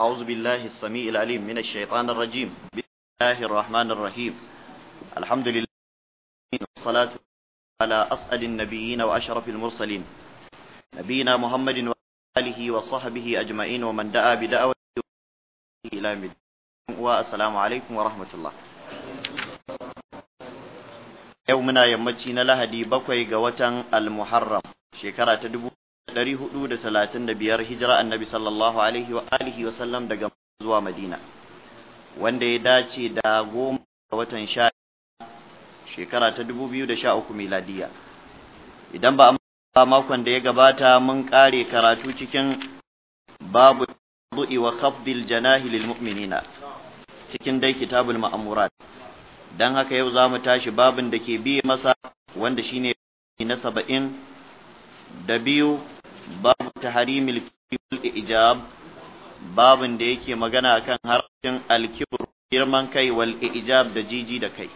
أعوذ بالله السميع العليم من الشيطان الرجيم بسم الله الرحمن الرحيم الحمد لله والصلاة على أسأل النبيين وأشرف المرسلين نبينا محمد وآله وصحبه أجمعين ومن دعا بدعوته إلى مد والسلام عليكم ورحمة الله يومنا يمتين لهدي بقوي قوة المحرم شكرا تدبو 435 hijira annabi sallallahu alaihi wa alihi wa sallam daga zuwa Madina wanda ya dace da goma ga watan sha shekara ta 2013 miladiya idan ba a makon da ya gabata mun kare karatu cikin babu du'i wa khafdil janahi lil mu'minina cikin dai kitabul ma'amurat dan haka yau za mu tashi babin da ke biye masa wanda shine na saba'in da biyu babu taharimil kibul ijab babin da yake magana akan harafin alkibur girman kai wal ijab da jiji da kai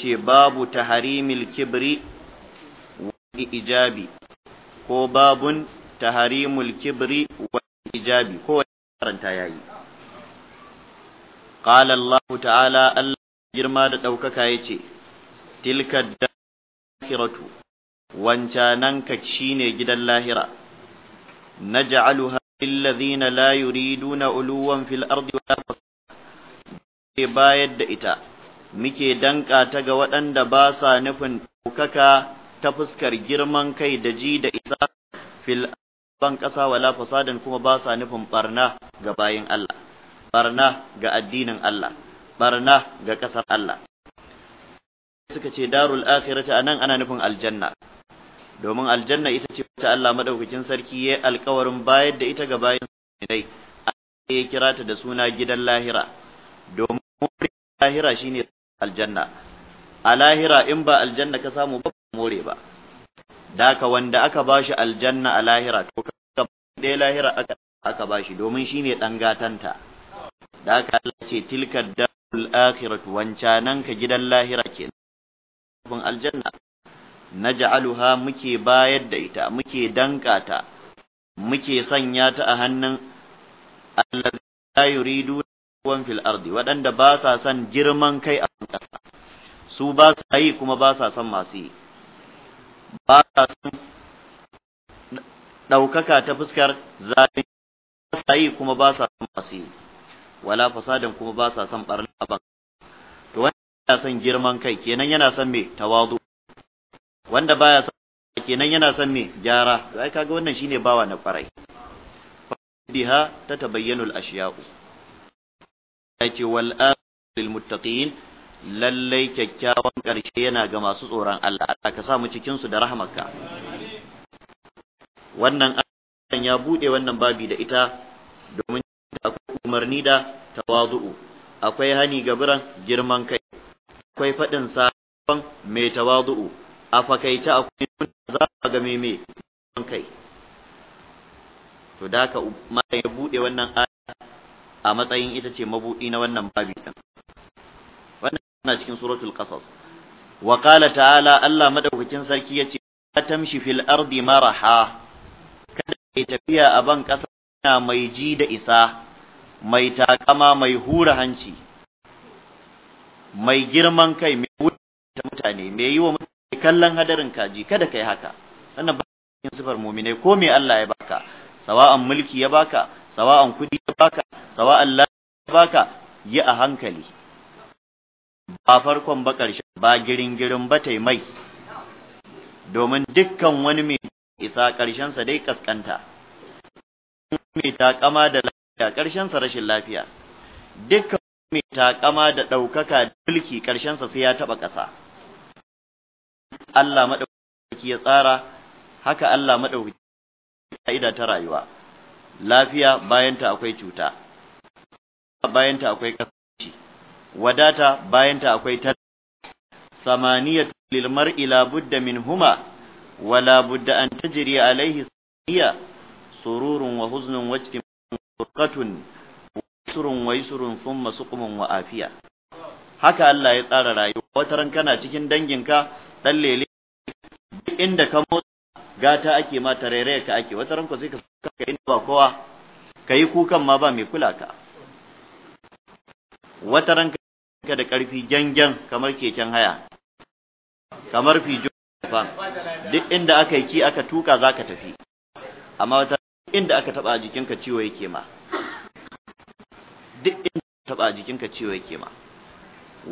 ce babu taharimil kibri wal ijabi ko babun taharimul kibri wal ijabi ko karanta yayi qala Allah ta'ala Allah girma da daukaka yace tilka dakhiratu wancananka shine gidan lahira naj'aluha lillazina la yuriduna uluwan fil ardi wala bayar da ita muke danka ta ga waɗanda ba sa nufin ɗaukaka ta fuskar girman kai da ji da isa fil ban ƙasa wala fasadin kuma ba sa nufin barna ga bayin Allah barna ga addinin Allah barna ga ƙasar Allah suka ce darul akhirati anan ana nufin aljanna domin aljanna ita ce ta Allah madaukakin sarki ya alkawarin bayar da ita ga bayan sunai ya kira ta da suna gidan lahira domin lahira shine aljanna a lahira in ba aljanna ka samu ba more ba daka wanda aka bashi aljanna a lahira to ka da lahira aka aka bashi domin shine dan gatanta daka Allah ce tilka darul akhiratu wancanan ka gidan lahira kenan aljanna naj'aluha muke bayar da ita muke danka ta muke sanya ta a hannun allazi la yuridu wan fil ardi waɗanda ba sa son girman kai a ƙasa su ba sa yi kuma ba sa son masu yi ba sa son ɗaukaka ta fuskar zai ba sa yi kuma ba sa son masu yi wala fasadan kuma ba sa son barna ba, to wanda yana son girman kai kenan yana son me tawadu wanda baya son kenan yana son me jara, to ai kaga wannan shine bawa na kwarai biha tatabayyanu al ai ce wal lil muttaqin lallai kyakkyawan ƙarshe yana ga masu tsoron Allah Allah ka samu cikin su da rahmarka wannan an ya bude wannan babi da ita domin akwai umarni da tawazu'u akwai hani gaburan girman kai akwai faɗin sabon mai tawazu'u a fakaita a nuna za ga meme kai to da ka malam ya buɗe wannan aya a matsayin ita ce mabuɗi na wannan babi din wannan yana cikin suratul qasas wa qala ta'ala Allah madaukakin sarki yace la tamshi fil ardi maraha kada kai tafiya a ban kasa na mai ji da isa mai takama mai hura hanci mai girman kai mai wuce mutane mai yi wa mutane kallon hadarin kaji kada kai haka wannan ba cikin sifar mu'minai ko me Allah ya baka sawa'an mulki ya baka sawa'an kudi ya baka sawa'an lafiya ya baka yi a hankali ba farkon ba ƙarshen ba girin-girin ba taimai domin dukkan wani mai isa sa dai kaskanta mai takama da lafiya sa rashin lafiya dukkan mai takama da ɗaukaka da mulki sa sai ya taɓa ƙasa Allah madauki ya tsara haka Allah madaukaki ka'ida ta rayuwa lafiya bayan ta akwai cuta bayan ta akwai kasance wadata bayan ta akwai ta samaniyat lil mar'i la budda min huma wala budda an tajri alayhi saniya sururun wa huznun wa furqatun surun wa yusrun thumma suqmun wa afiya haka Allah ya tsara rayuwa wataran kana cikin danginka dan lele duk inda ka motsa gata ake ma tarairaya ka ake wata ranko sai ka saka inda ba kowa Ka yi kukan ma ba mai kula ka wata ranka ka da karfi gyangyan kamar keken haya kamar fijo duk inda aka yi ki aka tuka za ka tafi amma wata inda aka taba jikinka ciwo yake ma duk inda aka taba jikinka ciwo yake ma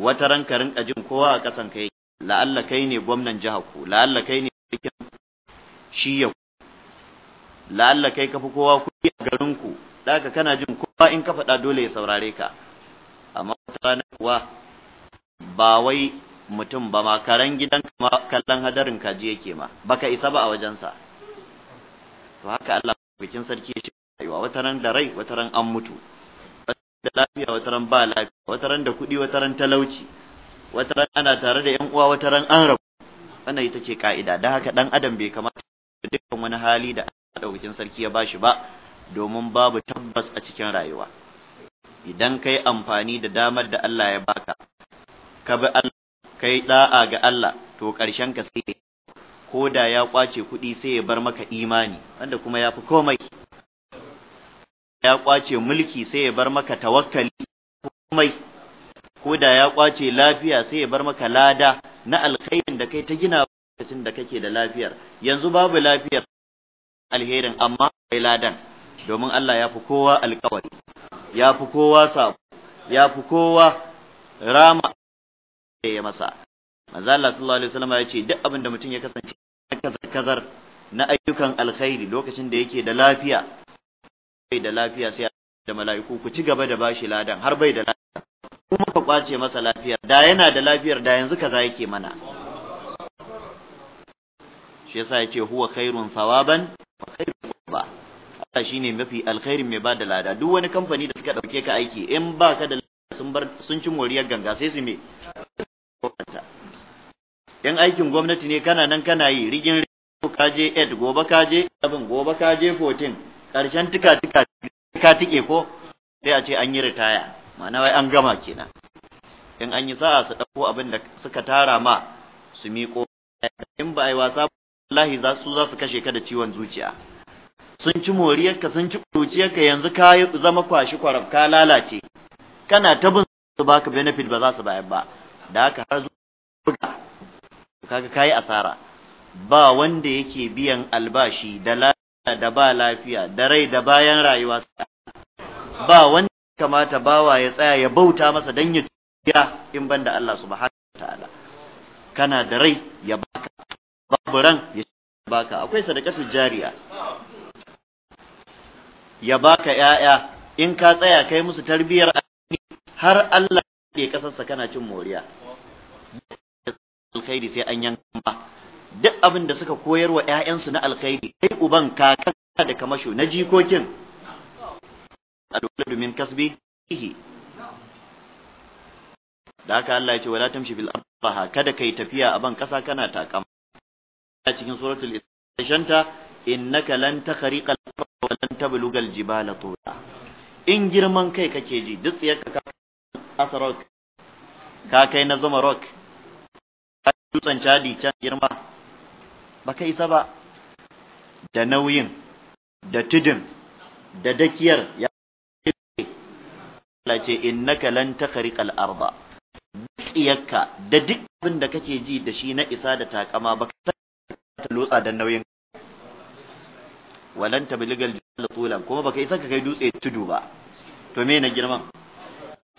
wata ranka rinka jin kowa a kasan kai la'alla kai ne gwamnan jiha ku la'alla kai ne cikin shiya ku la'alla kai kafi kowa kuɗi a garin ku ka kana jin kowa in ka faɗa dole ya saurare ka amma wata ranar kuwa ba wai mutum ba ma karen gidan ma kallon hadarin kaji yake ma baka isa ba a wajensa to haka Allah bikin sarki ya shiga rayuwa wata ran da rai wata ran an mutu wata da lafiya wata ran ba lafiya wata ran da kuɗi wata ran talauci wata ran ana tare da yan uwa wata ran an rabu wannan ita ce ka'ida dan haka dan adam bai kamata dukkan wani hali da daukin sarki ya bashi ba domin babu tabbas a cikin rayuwa idan kai amfani da damar da Allah ya baka ka bi Allah kai da'a ga Allah to karshen ka sai ko da ya kwace kuɗi sai ya bar maka imani wanda kuma ya fi komai ya kwace mulki sai ya bar maka tawakkali komai ko da ya kwace lafiya sai ya bar maka lada na alkhairin da kai ta gina lokacin da kake da lafiyar yanzu babu lafiyar alherin amma kai ladan domin Allah ya fi kowa alkawari ya fi kowa sabo ya fi kowa rama ya masa manzo Allah sallallahu alaihi wasallam ya ce duk abin da mutum ya kasance kazar na ayyukan alkhairi lokacin da yake da lafiya bai da lafiya sai da mala'iku ku ci gaba da bashi ladan har bai da lafiya kuma ka kwace masa lafiyar da yana da lafiyar da yanzu kaza yake mana shi yasa yace huwa khairun sawaban wa khairun ba Allah shine mafi alkhairin mai bada lada duk wani kamfani da suka dauke ka aiki in baka da sun bar sun ci moriyar ganga sai su me in aikin gwamnati ne kana nan kana yi rigin ka je 8 gobe ka je 7 gobe ka je 14 karshen tuka tuka ka tike ko sai a ce an yi ritaya ma'ana wai an gama kenan in an yi sa'a su ɗauko abin da suka tara ma su miƙo in ba a yi wasa wallahi za su za su kashe ka da ciwon zuciya sun ci moriyarka sun ci kuruciyarka yanzu ka zama kwashi kwarab ka lalace kana ta bin su baka benefit ba za su bayar ba da haka har zuwa kaga kayi asara ba wanda yake biyan albashi da lafiya da ba lafiya da rai da bayan rayuwa ba wanda kamata bawa ya tsaya ya bauta masa dan ya tuya in banda Allah subhanahu ta'ala kana da rai ya baka babu ran ya baka akwai su jariya ya baka yaya in ka tsaya kai musu tarbiyar har Allah ya kasarsa kana cin moriya alkhairi sai an yanka ba duk abin da suka koyarwa ƴaƴansu na alkhairi kai uban kakan da kamasho na jikokin al-waladu min da haka Allah ya ce wala tamshi bil arbaha kada kai tafiya a ban kasa kana takama a cikin suratul isra innaka lan takhriqa al-arba wa lan tabluga al-jibala tula in girman kai kake ji duk tsiyarka ka rock ka kai na zama rock ka dutsen cadi can girma baka isa ba da nauyin da tudun da dakiyar ya Allah ce innaka lan takhriqal arda tsiyakka da duk abin da kake ji da shi na isa da takama ba ka ta lotsa da nauyin walan tabligal jalla tulan kuma baka isa ka kai dutse tudu ba to me na girman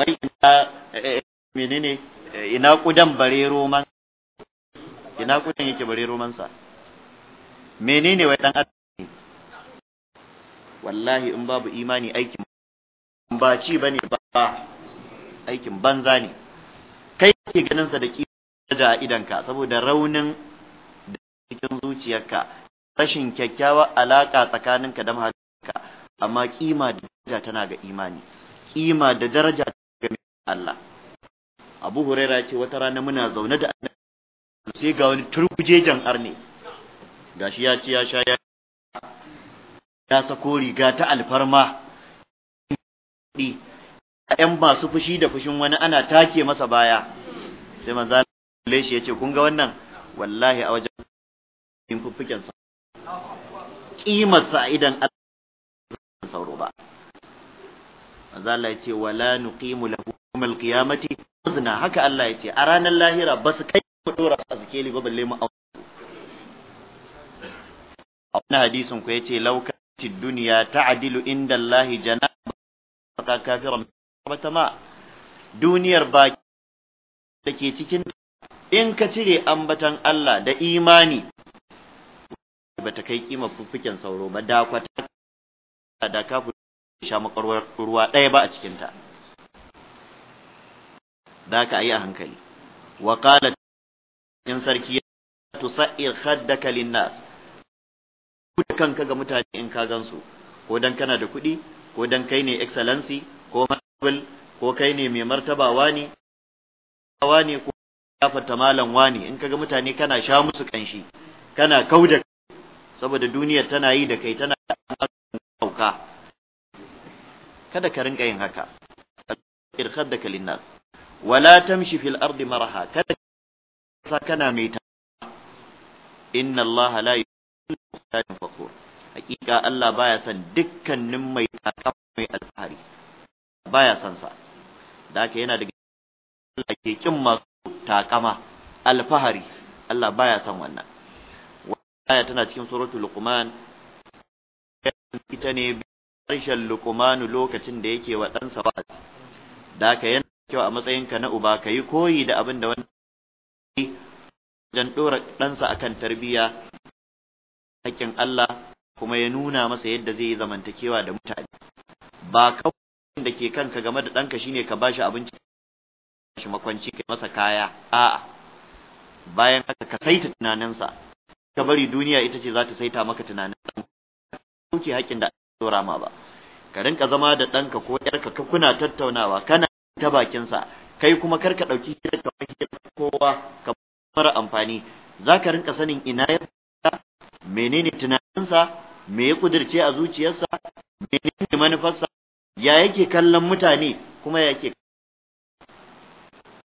wai ina eh, eh, menene eh, ina kudan bare roman ina kudan yake bare roman sa menene wai dan wallahi in babu imani aikin ba ci ba aikin banza ne kai ke ganin sa da daraja a idanka saboda raunin da cikin zuciyarka rashin kyakkyawar alaka tsakaninka da mahaifinka amma kima da daraja tana ga imani ƙima da daraja ga Allah Abu Huraira ce wata rana muna zaune da sai ga wani turkujejen arne gashi ya ce ya sha ya sako riga ta alfarma kuɗi ƴan masu fushi da fushin wani ana take masa baya sai manzo Allah shi yace kun ga wannan wallahi a wajen in fuffuken sa kimar idan Allah sauro ba manzo Allah yace wala nuqimu lahu yawmal qiyamati wazna haka Allah yace a ranar lahira ba su kai mu dora su a sikeli ba balle mu a wani hadisin ku yace laukacin duniya dunya ta'dilu inda Allah jana ta kafiran wata ma duniyar baki da ke cikin in ka cire ambatan Allah da imani ba ta kai kima fuffuken sauro ba da kwata da kafu sha makarwar ruwa ɗaya ba a cikinta da ka yi a hankali wa qala in sarki tusa'ir khaddaka linnas kanka ga mutane in ka gansu ko dan kana da kuɗi ko dan kai ne excellency ko martable ko kai ne mai martaba wani wani ko fata malam wani in kaga mutane kana sha musu kanshi kana kauda saboda duniyar tana yi da kai tana dauka kada ka rinka yin haka irkhaddaka linnas wala tamshi fil ardi maraha kada kana mai ta inna allaha la yuhibbu al-fakhur hakika Allah baya son dukkanin mai takawa mai alfahari baya son sa da haka yana daga Allah ke kin masu takama alfahari Allah baya son wannan aya tana cikin suratul luqman ita ne harshen luqman lokacin da yake wa dan sa da haka yana kyau a matsayinka na uba kai koyi da abin da wannan wajen dora ɗansa akan tarbiyya hakkin Allah kuma ya nuna masa yadda zai yi zamantakewa da mutane ba kawai da ke kanka game da ɗanka shine ka bashi abinci shi makwanci kai masa kaya a'a bayan haka ka saita tunaninsa ka bari duniya ita ce za ta saita maka tunanin ɗan kauce haƙƙin da ɗora ma ba ka rinka zama da ɗanka ko ƴarka ka kuna tattaunawa kana ta bakinsa kai kuma kar ka ɗauki hirar ka kowa ka mara amfani za ka rinka sanin ina ya menene tunaninsa me ya kudirce a zuciyarsa menene manufarsa ya yake kallon mutane kuma ya yake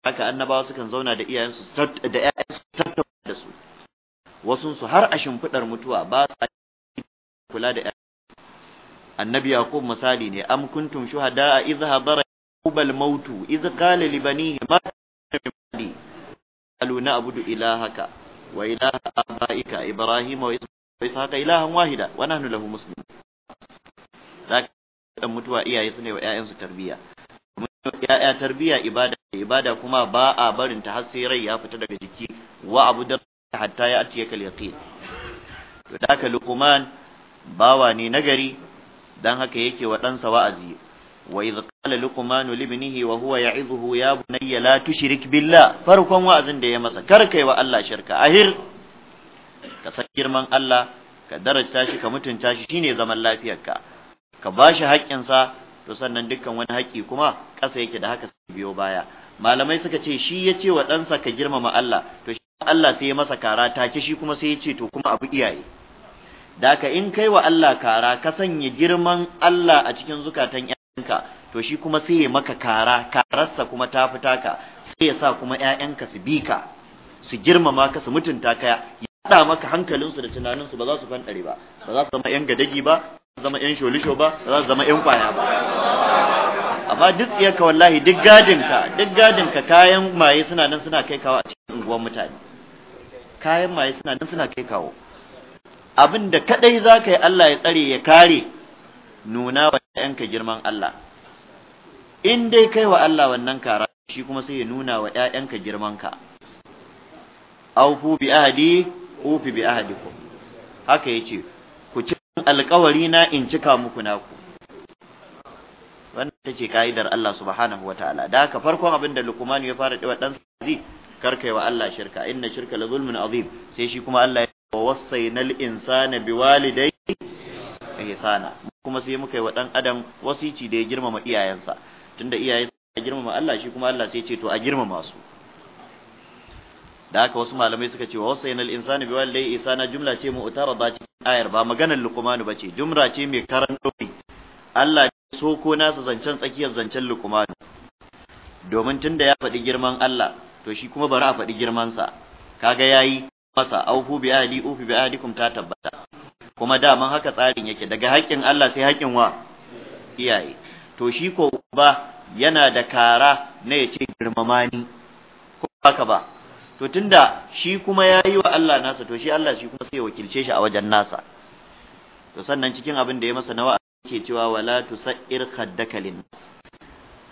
haka annabawa sukan zauna da iyayensu da ƴaƴansu tattauna da su wasun su har a shimfidar mutuwa ba sa kula da annabi yaqub misali ne am kuntum shuhada idh hadara yaqubal mautu idh qala li banihi ma qalu na ilahaka wa ilaha abaika ibrahim wa ishaqa ilahan wahida wa nahnu lahu muslimun zaka dan mutuwa iyaye su ne wa ƴaƴansu tarbiya ƴaƴa tarbiya ibada ibada kuma ba a barin ta har sai rai ya fita daga jiki wa abu da hatta ya atiya kal yaqin to da ka luqman bawa ne nagari dan haka yake wa ɗansa wa'azi wa idh قال لقمان لابنه وهو يعظه يا بني لا تشرك بالله فركم وأذن دي مسا كركي وألا شركا أهر كسجر من الله كدرج تاشي كمتن تاشي شيني زمن لا فيك كباشي حق انسا to sannan dukkan wani haƙi kuma ƙasa yake da haka sai biyo baya malamai suka ce shi ya ce wa ɗansa ka girmama Allah to shi Allah sai ya masa kara take shi kuma sai ya ce to kuma abu iyaye da ka in kai wa Allah kara ka sanya girman Allah a cikin zukatan ka to shi kuma sai ya maka kara kararsa kuma ta fita ka sai ya sa kuma ƴaƴanka su bi ka su girmama ka su mutunta ka ya da maka su da tunaninsu ba za su fanɗare ba ba za su zama ƴan gadaji ba ba za su zama ƴan sholisho ba ba za su zama ƴan kwaya ba amma duk ka wallahi duk gadinka duk gadinka kayan maye suna nan suna kai kawo a cikin unguwar mutane kayan maye suna nan suna kai kawo abin da kadai za ka yi Allah ya tsare ya kare nuna wa ‘ya'yanka girman Allah in dai kai wa Allah wannan kara shi kuma sai ya nuna wa ‘ya'yanka girmanka aufu bi ahadi ufi bi ahadikum haka ya ce ku ci alƙawari na in cika muku naku wannan ce kaidar Allah subhanahu wataala da haka farkon abin da Luqman ya fara cewa dan zai karkai wa Allah shirka inna shirka la zulmun azim sai shi kuma Allah ya wa wasaina al insana biwalidayhi ihsana kuma sai muka yi wa ɗan adam wasici da ya girmama iyayensa tunda iyaye a girmama Allah shi kuma Allah sai ce to a girmama su da haka wasu malamai suka ce wa wasayna al insana bi isa isana jumla ce mu'tarada cikin ayar ba maganar ba bace jumla ce mai karan dori Allah so ko nasa zancen tsakiyar zancen luqman domin tunda ya faɗi girman Allah to shi kuma bari a faɗi girman sa kaga yayi masa aufu bi ahli ufi bi ahlikum ta tabbata kuma daman haka tsarin yake daga haƙƙin Allah sai haƙƙin wa iyaye to shi ko ba yana da kara na ya ce girmama ni ko haka ba to tunda shi kuma ya yi wa Allah nasa to shi Allah shi kuma sai ya wakilce shi a wajen nasa to sannan cikin abin da ya masa nawa ke cewa wala tusair khaddaka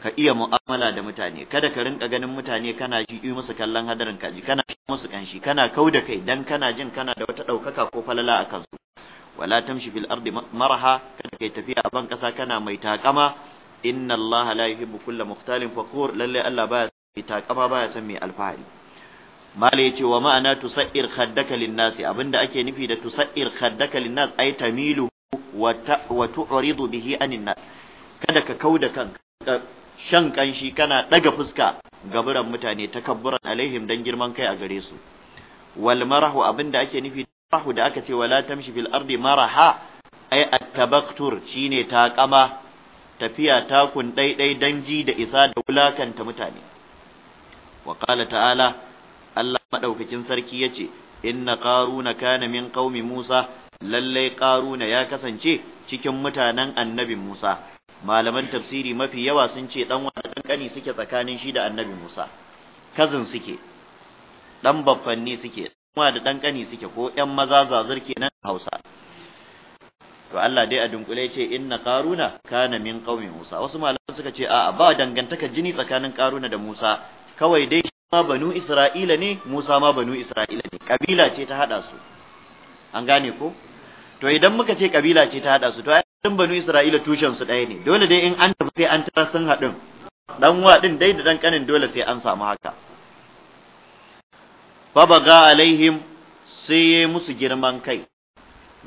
ka iya mu'amala da mutane kada ka rinka ganin mutane kana ji yi musu kallon hadarin kaji kana shi musu kanshi kana kau da kai dan kana jin kana da wata ɗaukaka ko falala a su wala tamshi fil ardi maraha kada kai tafiya a ban kasa kana mai takama inna allaha la yuhibbu kulla mukhtalin fakhur lalle Allah baya san takama baya san mai alfahari mala yace wa ma'ana tusair khaddaka linnasi abinda ake nufi da tusair khaddaka linnas ay tamilu wa tu'ridu bihi anin nas kada ka kauda kanka shan kanshi kana daga fuska gaburan mutane takabburan alaihim dan girman kai a gare su wal marahu abinda ake nufi fahu da aka ce wala tamshi fil ardi maraha ay at-tabaktur ta ƙama tafiya takun ɗaiɗai dai ji da isa da wulakanta mutane wa qala ta'ala Allah madaukakin sarki yace inna qaruna kana min qaumi Musa lalle qaruna ya kasance cikin mutanen annabi Musa malaman tafsiri mafi yawa sun ce dan wani dan kani suke tsakanin shi da annabi Musa kazin suke dan baffanni suke kuma da dan kani suke ko 'yan maza zazir kenan Hausa to Allah dai a dunkule ce inna qaruna kana min qaumi Musa wasu malaman suka ce a'a ba dangantaka jini tsakanin qaruna da Musa kawai dai shi ma banu Isra'ila ne Musa ma banu Isra'ila ne kabila ce ta hada su an gane ko to idan muka ce kabila ce ta hada su to ai banu Isra'ila tushen su ɗaya ne dole dai in an tafi sai an tara sun haɗin dan wa din dai da dan kanin dole sai an samu haka fabaga alaihim sai ya musu girman kai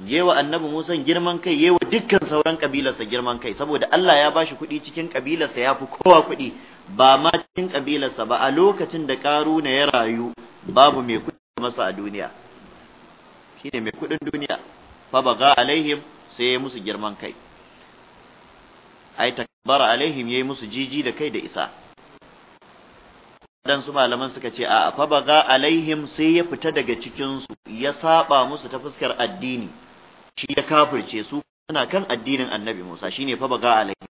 yewa annabi Musa girman kai yewa dukkan sauran kabilarsa girman kai saboda Allah ya bashi kuɗi cikin kabilarsa ya fi kowa kuɗi ba ma cikin kabilarsa ba a lokacin da Karuna ya rayu babu mai kuɗi masa a duniya shine mai kuɗin duniya fabaga alaihim sai ya musu girman kai ai takbara alaihim yayi musu jiji da kai da isa dan su malaman suka ce a fa baga alaihim sai ya fita daga cikin su ya saba musu ta fuskar addini shi ya kafirce su suna kan addinin annabi Musa shine fa baga alaihim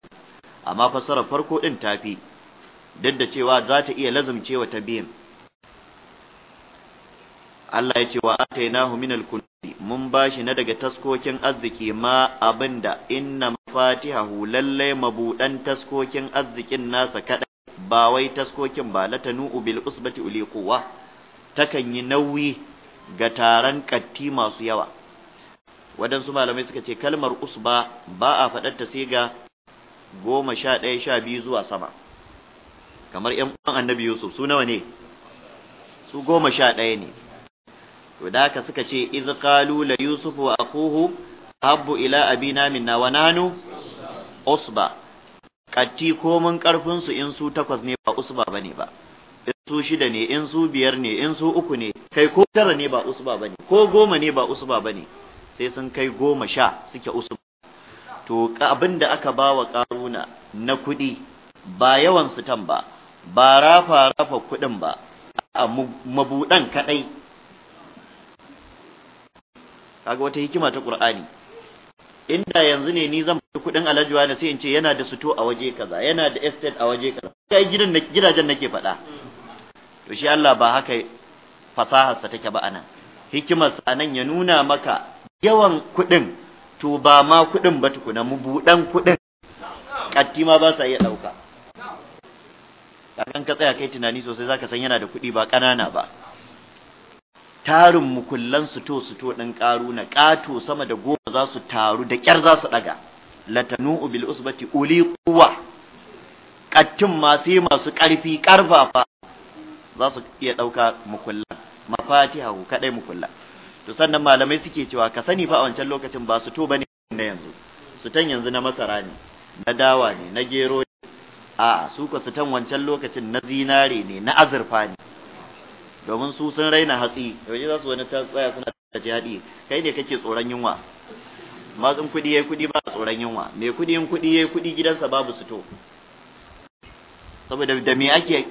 amma fasarar farko din tafi duk da cewa za ta iya lazumcewa ta biyan Allah ya ce wa atainahu min al-kunzi mun bashi na daga taskokin arziki ma abinda inna mafatihahu lalle mabudan taskokin arzikin nasa kada ba wai taskokin ba latanu bil usbati uli quwa takan yi nauyi ga taron katti masu yawa wadansu malamai suka ce kalmar usba ba a faɗar ta sai ga goma sha ɗaya zuwa sama kamar 'yan uwan annabi yusuf su nawa ne su goma sha ɗaya ne to da haka suka ce iz qalu la yusuf wa akhuhu habbu ila abina minna wa nanu usba katti komin karfin su in su takwas ne ba usba bane ba in su shida ne in su biyar ne in su uku ne kai ko tara ne ba usba bane ko goma ne ba usba bane sai sun kai goma sha suke usba to abin da aka ba wa karuna na kuɗi ba yawan su tan ba ba rafa rafa kuɗin ba a mabuɗan kaɗai kaga wata hikima ta ƙur'ani inda yanzu ne ni zan fi kuɗin alhaji wani sai in ce yana da suto a waje kaza yana da estate a waje kaza kai gidan gidajen nake faɗa to shi Allah ba haka fasaharsa take ba anan sa anan ya nuna maka yawan kuɗin to ba ma kuɗin ba tukuna mubuɗan kuɗin Katti ma ba sa iya ɗauka kakan ka tsaya kai tunani sosai zaka san yana da kuɗi ba kanana ba tarin mukullan su suto ɗin ƙaruna ƙato sama da goma za su taru da ƙyar za su ɗaga latanu bil usbati uli quwa ƙattun ma sai masu ƙarfi ƙarfafa za su iya ɗauka mukullan mafatiha ku kaɗai mukullan to sannan malamai suke cewa ka sani fa a wancan lokacin ba su to bane na yanzu sutan yanzu na masara ne na dawa ne na gero ne a'a su ka wancan lokacin na zinare ne na azurfa ne domin su sun raina hatsi yaushe za su wani ta tsaya suna da jihadi kai ne kake tsoron yunwa matsin kuɗi yayi kuɗi ba tsoron yunwa mai kuɗi yin kuɗi yayi kuɗi gidansa babu to saboda da me ake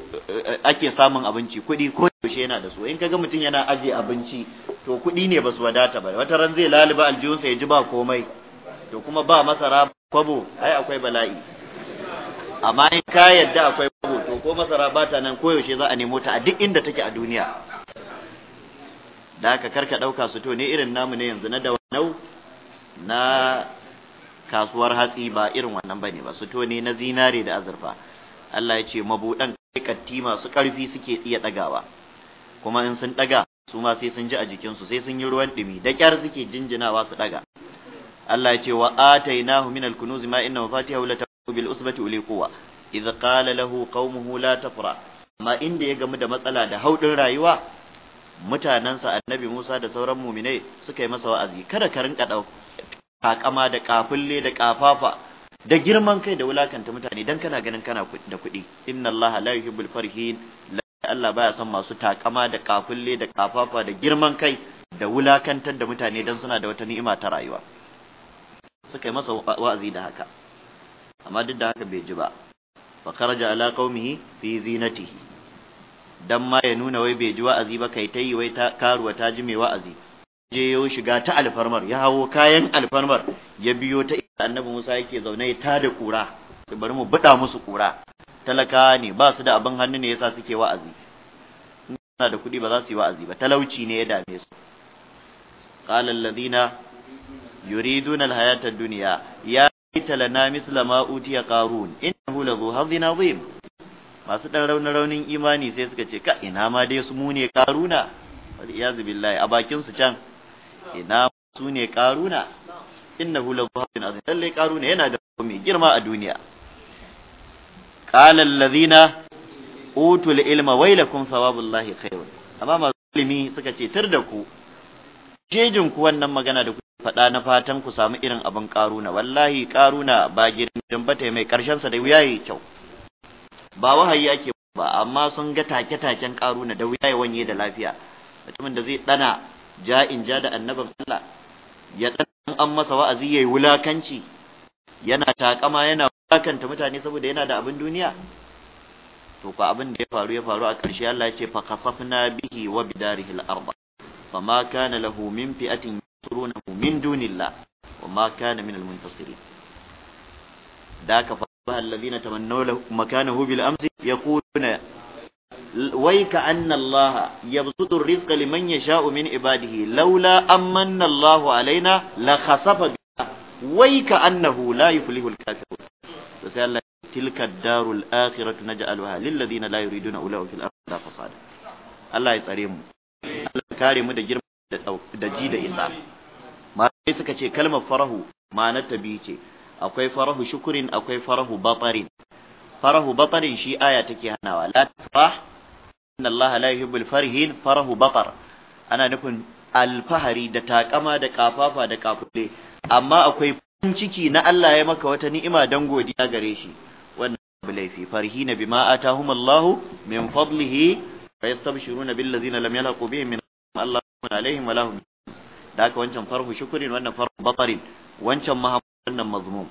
ake samun abinci kuɗi ko yaushe yana da su in kaga mutum yana ajiye abinci to kuɗi ne ba su wadata ba wata ran zai laliba aljihunsa ya ji ba komai to kuma ba masara kwabo ai akwai bala'i amma in ka yadda akwai babu to ko masara ba ta nan koyaushe za a nemo ta a duk inda take a duniya da aka karka ɗauka su to ne irin namu ne yanzu na dawanau na kasuwar hatsi ba irin wannan bane ba su to ne na zinare da azurfa Allah ya ce mabuɗan katti masu ƙarfi suke iya ɗagawa kuma in sun ɗaga su ma sai sun ji a jikinsu sai sun yi ruwan ɗumi da ƙyar suke jinjinawa su ɗaga Allah ya ce wa atainahu minal kunuzi ma inna mafatihahu bil usbati uli quwa idh qala lahu qaumuhu la tafra amma inda ya gamu da matsala da haudin rayuwa mutanansa annabi Musa da sauran muminai suka yi masa wa'azi kada ka rinka dau kakama da kafulle da kafafa da girman kai da wulakanta mutane dan kana ganin kana da kuɗi inna Allah la yuhibbul farihin Allah baya san masu takama da kafulle da kafafa da girman kai da wulakantar da mutane dan suna da wata ni'ima ta rayuwa suka yi masa wa'azi da haka amma duk da haka bai ji ba fa kharaja ala qaumihi fi zinatihi dan ma ya nuna wai bai ji wa'azi ba kai tayi wai ta karuwa ta ji mai wa'azi je ya shiga ta alfarmar ya hawo kayan alfarmar ya biyo ta annabi Musa yake zaune ta da kura bari mu bada musu kura talaka ne ba su da abin hannu ne yasa suke wa'azi suna da kuɗi ba za su yi wa'azi ba talauci ne ya dame su qala alladhina yuriduna alhayata ad-dunya ya ta lana misla ma utiya qarun innahu la zu azim masu dan raunin raunin imani sai suka ce ka ina ma dai su mune ne qaruna wal iyaz billahi a bakin su can ina su ne qaruna innahu la zu azim lalle qaruna yana da mai girma a duniya qala allazina utul ilma wailakum sawabullahi khairun amma masu ilimi suka ce tar da ku jejin ku wannan magana da ku faɗa na fatan ku samu irin abin ƙaruna wallahi ƙaruna ba gidan ba mai ƙarshen sa da wuya yayi kyau ba wahayi ake ba amma sun ga take taken ƙaruna da wuya wanye da lafiya mutumin da zai dana ja'in ja da annabin Allah ya dan an masa wa'azi yayi wulakanci yana takama yana wulakanta mutane saboda yana da abin duniya to ko abin da ya faru ya faru a ƙarshe Allah ya ce fa kasafna bihi wa bidarihi al fa ma kana lahu min fi'atin yansurunahu min dunillah wa ma kana min al-muntasirin da ka fa alladhina tamannaw lahu makanahu bil amsi yaquluna wai ka anna Allah yabsutu rizqa liman yasha'u min ibadihi laula amanna alaina la khasafa bina wai ka annahu la yuflihu al-kafirun to sai Allah tilka darul akhiratu naj'aluha lil ladina la yuriduna ulaw fil Allah ya tsare mu Allah kare mu da girma da ji da malamai suka ce kalmar farahu ma'anar ta biyu ce akwai farahu shukurin akwai farahu batarin farahu batarin shi aya take hanawa la tafrah inna Allah la yuhibbul farihin farahu batar ana nufin alfahari da takama da kafafa da kafule amma akwai farin ciki na Allah ya maka wata ni'ima dan godiya gare shi wannan abu laifi farhina bima atahum Allah min fadlihi fa yastabshiruna bil ladzina lam yalaqu bihim min Allah alaihim wa lahum da haka wancan farhu shukurin, wannan farhu batarin wancan mahamud wannan mazmum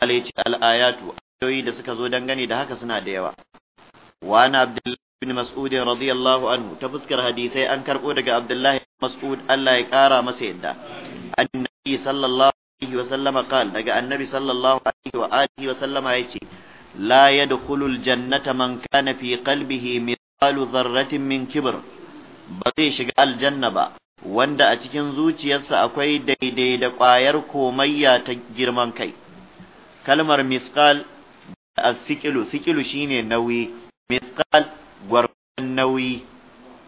Allah ya ce al-ayatu ayoyi da suka zo dangane da haka suna da yawa wa na abdullahi ibn mas'ud radiyallahu anhu ta fuskar hadisai an karbo daga abdullahi mas'ud Allah ya kara masa yadda annabi sallallahu alaihi wa sallama qal daga annabi sallallahu alaihi wa alihi wa sallama yace la yadkhulu al-jannata man kana fi qalbihi mithqalu dharratin min kibr ba zai shiga aljanna ba wanda a cikin zuciyarsa akwai daidai da ƙwayar komayya ta girman kai kalmar misqal da sikilu sikilu shine nauyi misqal gwargwadon nauyi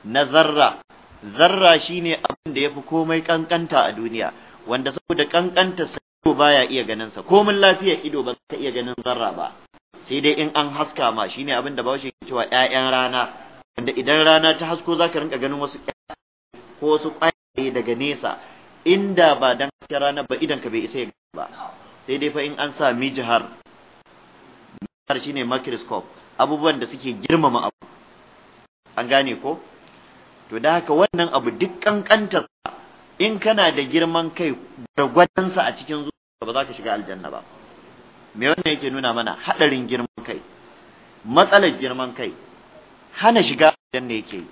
na zarra zarra shine abin da yafi komai kankanta a duniya wanda saboda kankanta sa ido baya iya ganin sa komin lafiya ido ba ka iya ganin zarra ba sai dai in an haska ma shine abin da Bahaushe ke cewa ƴaƴan rana wanda idan rana ta hasko zaka rinka ganin wasu ko wasu ƙwayaye daga nesa inda ba dan hasken rana ba idan ka bai isa ya ba sai dai fa in an sa mijhar mijhar shine microscope abubuwan da suke girmama abu an gane ko to da haka wannan abu duk kankantar in kana da girman kai gwargwadonsa a cikin zuciya ba za ka shiga aljanna ba me wannan yake nuna mana haɗarin girman kai matsalar girman kai hana shiga aljanna yake yi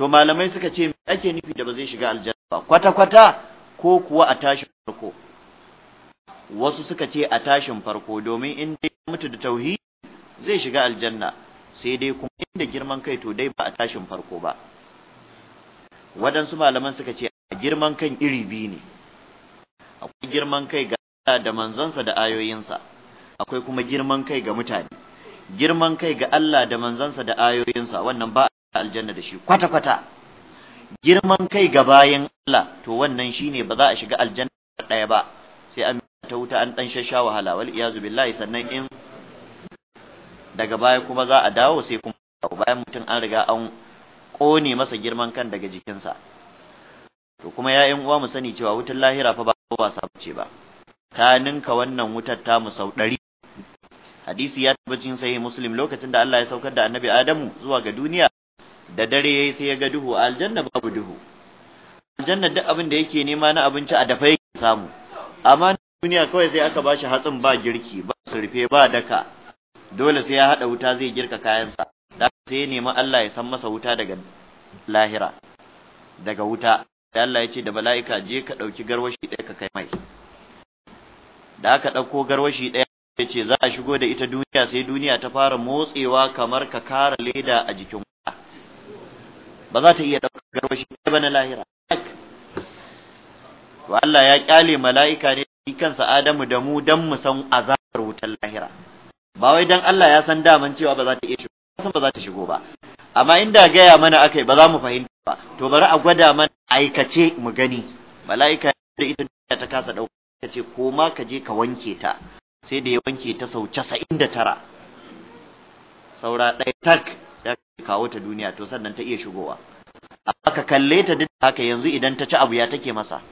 to malamai suka ce me ake nufi da ba zai shiga aljanna ba kwata kwata ko kuwa a tashin farko wasu suka ce a tashin farko domin in dai mutu da tauhi zai shiga aljanna sai dai kuma inda girman kai to dai ba a tashin farko ba waɗansu malaman suka ce a girman kan iri biyu ne akwai girman kai ga Allah da manzansa da ayoyinsa akwai kuma girman kai ga mutane girman kai ga Allah da manzansa da ayoyinsa wannan ba aljanna da shi kwata kwata girman kai ga bayan Allah to wannan shine ba za a shiga aljanna daya ba sai an ta wuta an dan shasha wahala wal iyazu billahi sannan in daga baya kuma za a dawo sai kuma bayan mutum an riga an kone masa girman kan daga jikinsa to kuma ya uwa mu sani cewa wutar lahira fa ba wasa ce ba Ka ninka wannan wutar ta mu sau ɗari hadisi ya tabbacin sahih muslim lokacin da Allah ya saukar da annabi Adamu zuwa ga duniya da dare yayi sai ya ga duhu a aljanna babu duhu aljanna duk abin da yake nema na abinci a dafa yake samu amma duniya kawai sai aka bashi hatsin ba girki ba surfe ba daka dole sai ya hada wuta zai girka kayansa da sai ya nemi Allah ya san masa wuta daga lahira daga wuta da Allah ya ce da mala'ika je ka dauki garwashi ɗaya ka kai mai da aka ɗauko garwashi ɗaya ya ce za a shigo da ita duniya sai duniya ta fara motsewa kamar ka kara leda a jikin ba za ta iya ɗaukar shi ba na lahira to Allah ya ƙyale mala'ika ne shi kansa Adamu da mu don mu san azabar wutar lahira ba wai don Allah ya san daman cewa ba za ta iya shigo ba, ba za ta shigo ba amma inda gaya mana akai ba za mu fahimta ba to bari a gwada mana aikace mu gani mala'ika da ita duniya ta kasa ɗauka ta ce ko ma ka je ka wanke ta sai da ya wanke ta sau casa'in da tara saura ɗaya tak ya kawo ta duniya to sannan ta iya shigowa aka kalle ta duk haka yanzu idan ta ci abu ya take masa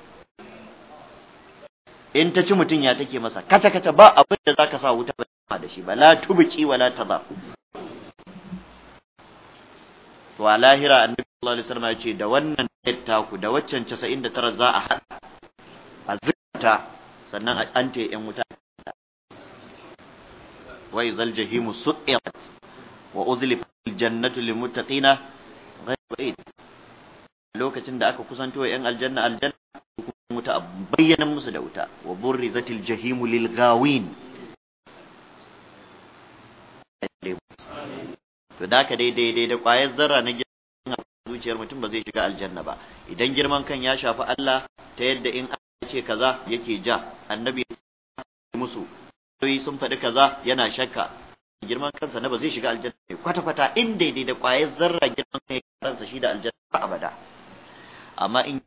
in ta ci mutum ya take masa kata kata ba abin da zaka sa wuta ba da shi ba la tubqi wala tadha to a lahira annabi sallallahu alaihi wasallam ya ce da wannan ta ku da waccan 99 za a hada a zikata sannan a kante yan wuta wa izal jahimu su'irat wa uzlifatil jannatu lil muttaqina ghayr ba'id lokacin da aka kusantowa yan aljanna aljanna wuta bayyana musu da wuta wa burrizatil jahimu lil gawin to da ka daidai daidai da kwayar zarra na girman zuciyar mutum ba zai shiga aljanna ba idan girman kan ya shafi Allah ta yadda in aka ce kaza yake ja annabi musu sun faɗi kaza yana shakka girman kansa na ba zai shiga aljanna ne kwata kwata in daidai da kwayar zarra girman kai kansa shi da aljanna ba abada amma in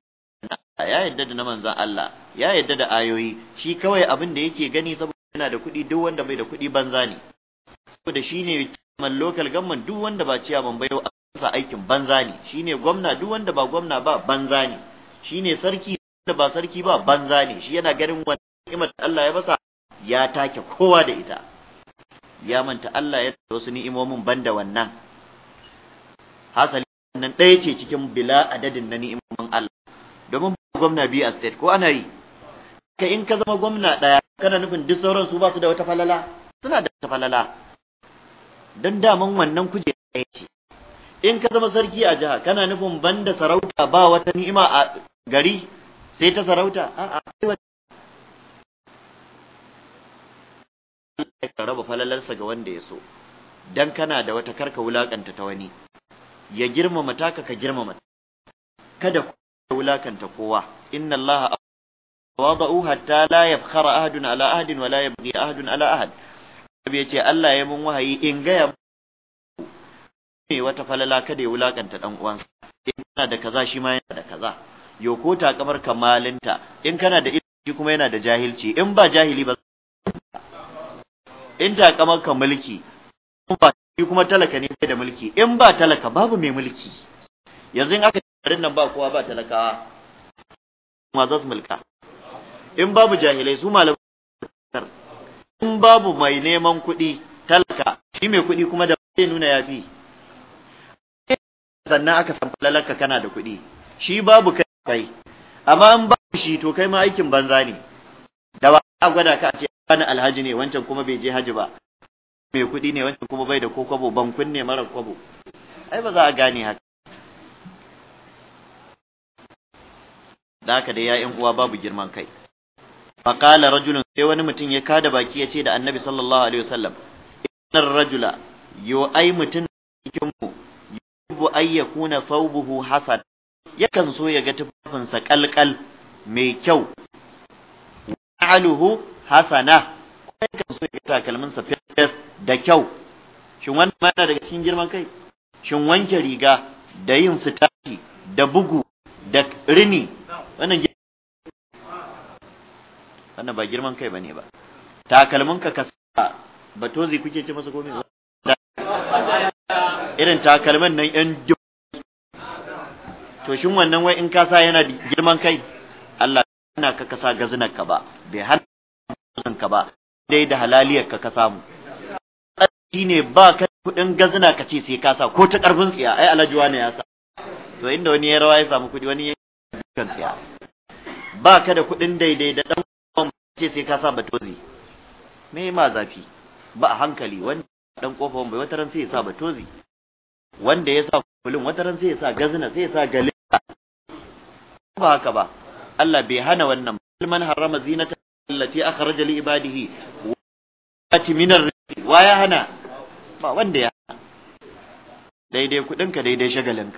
ya yadda da na manzon Allah ya yadda da ayoyi shi kawai abin da yake gani saboda yana da kuɗi duk wanda bai da kuɗi banza ne saboda shine man local government duk wanda ba ban bayo sa aikin banza ne shine gwamna duk wanda ba gwamna ba banza ne shine sarki wanda ba sarki ba banza ne shi yana ganin wannan ni'imar Allah ya basa ya take kowa da ita ya manta Allah ya wasu ni'imomin banda wannan hasali wannan ɗaya ce cikin bila adadin na ni'imomin Allah domin ba gwamna biyu a state ko ana yi ka in ka zama gwamna ɗaya kana nufin duk sauran su ba su da wata falala suna da wata falala don daman wannan kuje ɗaya ce in ka zama sarki a jiha kana nufin banda sarauta ba wata ni'ima a gari sai ta sarauta a'a ya raba falalarsa ga wanda ya so dan kana da wata karka wulakanta ta wani ya girmama taka ka girmama kada ku wulakanta kowa inna allaha wada'u hatta la yabkhara ahadun ala ahadin wa la yabghi ahadun ala ahad abi yace Allah ya mun wahayi in gaya me wata falala kada ya wulakanta dan uwansa in kana da kaza shi ma yana da kaza yo ko ta kamar kamalinta in kana da ilimi kuma yana da jahilci in ba jahili ba in takamar ka mulki in ba shi kuma talaka ne bai da mulki in ba talaka babu mai mulki yanzu in aka tarin nan ba kowa ba talakawa kuma za su mulka in babu jahilai su malamai in babu mai neman kuɗi talaka shi mai kuɗi kuma da zai nuna ya fi sannan aka san falalarka kana da kuɗi shi babu kai amma in babu shi to kai ma aikin banza ne da ba a gwada ka a ce wani alhaji ne wancan kuma bai je haji ba mai kuɗi ne wancan kuma bai da ko kwabo bankun ne mara kwabo ai ba za a gane haka da haka dai ya'yan uwa babu girman kai faqala rajulun sai wani mutum ya kada baki ya ce da annabi sallallahu alaihi wasallam innar rajula yo ai mutum cikin mu yubu ay yakuna thawbuhu hasad yakan so ya ga tufafinsa kalkal mai kyau aluhu hasana kan so ka takalmin sa fes da kyau shin wannan yana daga cikin girman kai shin wanke riga da yin sitaki da bugu da rini wannan wannan ba girman kai bane ba takalmin ka ka ba tozi kuke ce masa komai irin takalmin nan yan to shin wannan wai in ka sa yana girman kai Allah yana ka kasa gazinar ka ba bai har ka ba dai da halaliyar ka ka samu shine ba ka kudin gazina ka ce sai ka sa ko ta karfin tsiya ai alajuwa ne ya sa to inda wani ya rawa ya samu kudi wani ya kan tsiya ba ka da kudin daidai da dan kofan ce sai ka sa batozi me ma zafi ba a hankali wanda dan kofan bai wata ran sai ya sa batozi wanda ya sa kulin wata ran sai ya sa gazina sai ya sa galin ba haka ba Allah bai hana wannan man harama zinata التي أخرج لإباده ibadihi من min ويا هنا wa ya hana ba wanda ya daidai kudin daidai shagalin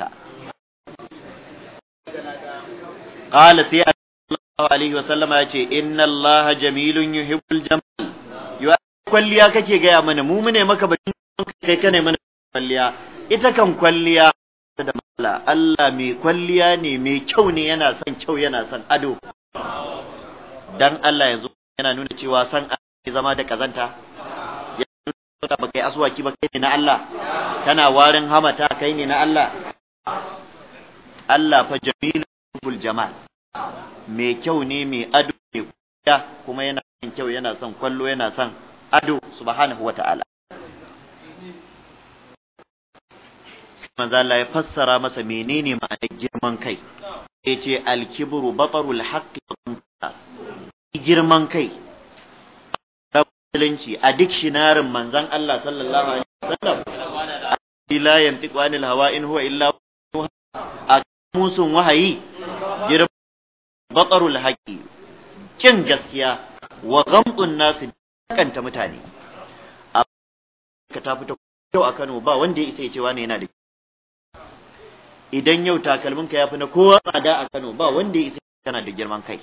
qala sai Allah alaihi wasallam ya ce inna Allah jamilun yuhibbul jamal ya kwalliya kake gaya mana mu mune maka bakin kai kane mana kwalliya ita kan kwalliya da mala Allah mai kwalliya ne mai kyau ne yana son kyau yana son ado dan Allah yanzu yana nuna cewa san Allah zama da kazanta ya nuna ba kai aswaki ba kai ne na Allah kana warin hamata kai ne na Allah Allah fa jamilul jamal mai kyau ne mai ado ne kuma yana son kyau yana son kwallo yana son ado subhanahu wata'ala manzo Allah ya fassara masa menene ma'anar girman kai yace al-kibru batarul haqqi girman kai musulunci a duk shinarin manzon Allah sallallahu alaihi wasallam la yantiqu anil hawa in huwa illa a musun wahayi batarul haqi kin gaskiya wa ghamdun nas kanta mutane a ka ta fita yau a Kano ba wanda ya isa ya ce wani yana da idan yau takalminka ya fi na kowa tsada a Kano ba wanda ya isa kana da girman kai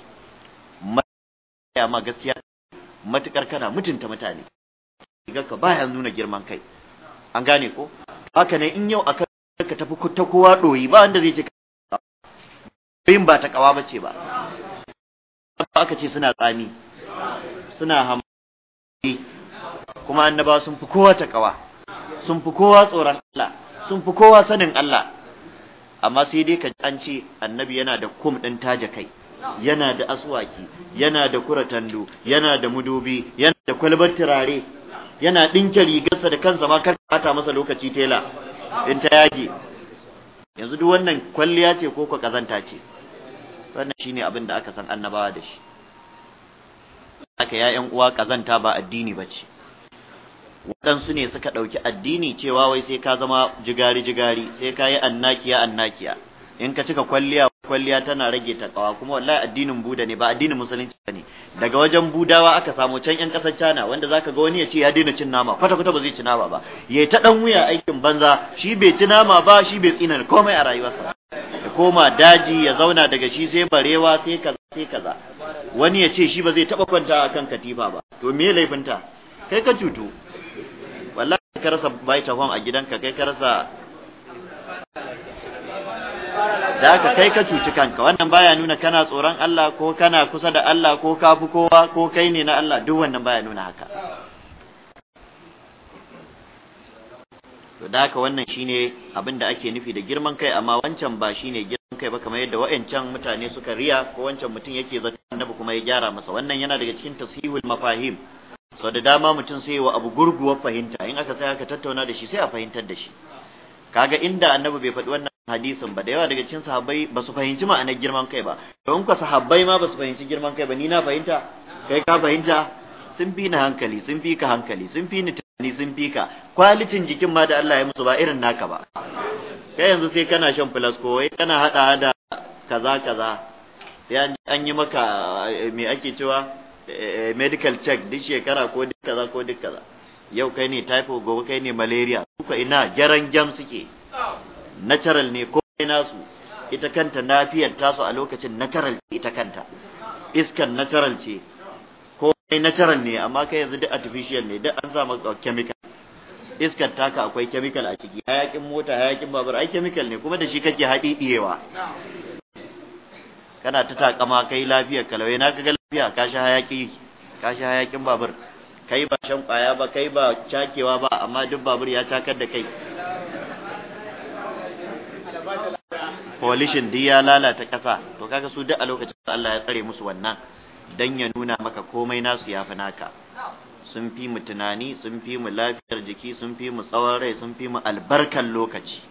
ya ma gaskiya matukar kana mutunta mutane ga ka baya nuna girman kai an gane ko haka ne in yau aka ka tafi ta kowa doyi ba wanda zai ce yin ba ta kawa bace ba aka ce suna tsami suna hamari kuma annaba sun fi kowa ta kawa sun fi kowa tsoron Allah sun fi kowa sanin Allah amma sai dai ka ji an ce annabi yana da kum ɗin taja kai yana da aswaki yana da kuratando yana da mudubi yana da kwalbar turare yana ɗinke rigarsa da kansa ma kar ta masa lokaci tela in ta yage yanzu duk wannan kwalliya ce ko ko kazanta ce wannan shine abin da aka san annabawa da shi aka ya uwa kazanta ba addini bace waɗansu ne suka ɗauki addini cewa wai sai ka zama jigari jigari sai ka yi annakiya annakiya in ka cika kwalliya kwalliya tana rage takawa kuma wallahi addinin buda ne ba addinin musulunci ne. daga wajen budawa aka samu can yan kasar China wanda zaka ga wani ya ce ya daina cin nama kwata kwata ba zai ci nama ba yayi ta dan wuya aikin banza shi bai ci nama ba shi bai tsina komai a rayuwarsa ya koma daji ya zauna daga shi sai barewa sai kaza sai kaza wani ya ce shi ba zai taba kwanta akan katifa ba to me laifinta kai ka cutu wallahi ka rasa ta home a gidanka kai ka rasa da haka kai ka cuci kanka wannan baya nuna kana tsoron Allah ko kana kusa da Allah ko ka fi kowa ko kai ne na Allah duk wannan baya nuna haka to da haka wannan shine abin da ake nufi da girman kai amma wancan ba shine girman kai ba kamar yadda wayancan mutane suka riya ko wancan mutum yake zato annabi kuma ya gyara masa wannan yana daga cikin tasihul mafahim sau da dama mutum sai wa abu gurguwar fahimta in aka sai aka tattauna da shi sai a fahimtar da shi kaga inda annabi bai faɗi wannan hadisin ba da yawa daga cikin sahabbai ba su fahimci ma'anar girman kai ba don ku sahabbai ma ba su fahimci girman kai ba ni na fahimta kai ka fahimta sun fi ni hankali sun fi ka hankali sun fi ni tunani sun fi ka kwalitin jikin ma da Allah ya musu ba irin naka ba kai yanzu sai kana shan flasko wai kana hada da kaza kaza sai an yi maka eh, me ake cewa eh, medical check duk shekara ko duk kaza ko duk kaza yau kai ne typhoid gobe kai ne malaria duka ina jaran jam suke natural ne komai nasu ita kanta nafiyar tasu a lokacin natural ita kanta iskan natural ce komai natural ne amma kai yanzu duk artificial ne duk an sa maka chemical iskar taka akwai chemical a ciki hayakin mota hayakin babur ai chemical ne kuma da shi kake haɗiɗiyewa kana ta takama kai lafiyar kalawai na kaga lafiya ka shi hayaki ka shi hayakin babur kai ba shan kwaya ba kai ba cakewa ba amma duk babur ya cakar da kai coalition duk ya lalata ƙasa to kaga su duk a lokacin da Allah ya tsare musu wannan dan ya nuna maka komai nasu ya fi naka sun fi mu tunani sun fi mu lafiyar jiki sun fi mu tsawon rai sun fi mu albarkan lokaci